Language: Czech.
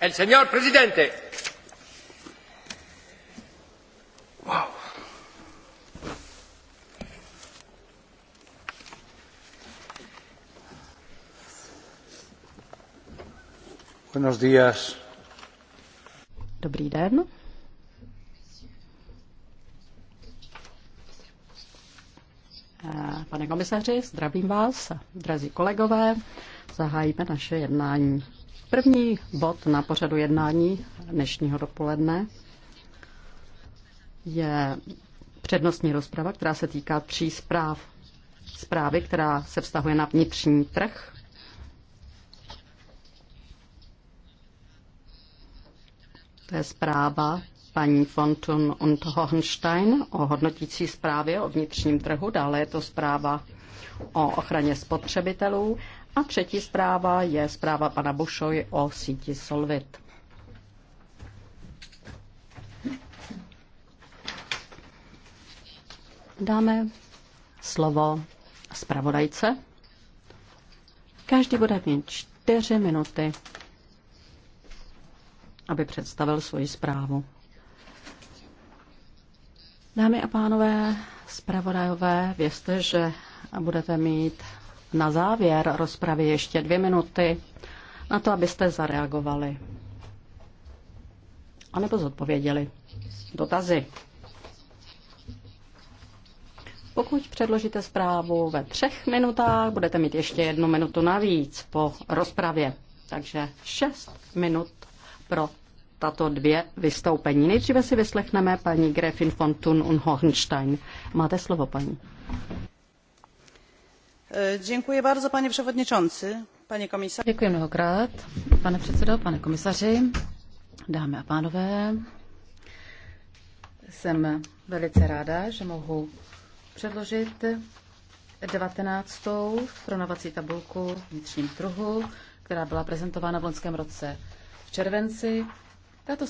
El señor presidente. Wow. Buenos días. Dobrý den. Eh, pane komisaři, zdravím vás, drazí kolegové. Zahájíme naše jednání. První bod na pořadu jednání dnešního dopoledne je přednostní rozprava, která se týká tří zpráv. Zprávy, která se vztahuje na vnitřní trh, To je zpráva paní Fontun und Hohenstein o hodnotící zprávě o vnitřním trhu, dále je to zpráva o ochraně spotřebitelů a třetí zpráva je zpráva pana Bošoj o síti Solvit. Dáme slovo zpravodajce. Každý bude mít čtyři minuty, aby představil svoji zprávu. Dámy a pánové, zpravodajové, vězte, že budete mít na závěr rozpravy ještě dvě minuty na to, abyste zareagovali. A nebo zodpověděli dotazy. Pokud předložíte zprávu ve třech minutách, budete mít ještě jednu minutu navíc po rozpravě. Takže šest minut pro tato dvě vystoupení. Nejdříve si vyslechneme paní Gräfin von Thun und Hohenstein. Máte slovo, paní. E, Děkuji pane předsedající, pane komisaři. Děkuji mnohokrát, pane předsedo, pane komisaři, dámy a pánové. Jsem velice ráda, že mohu předložit devatenáctou srovnavací tabulku vnitřním trhu, která byla prezentována v loňském roce v červenci. Tato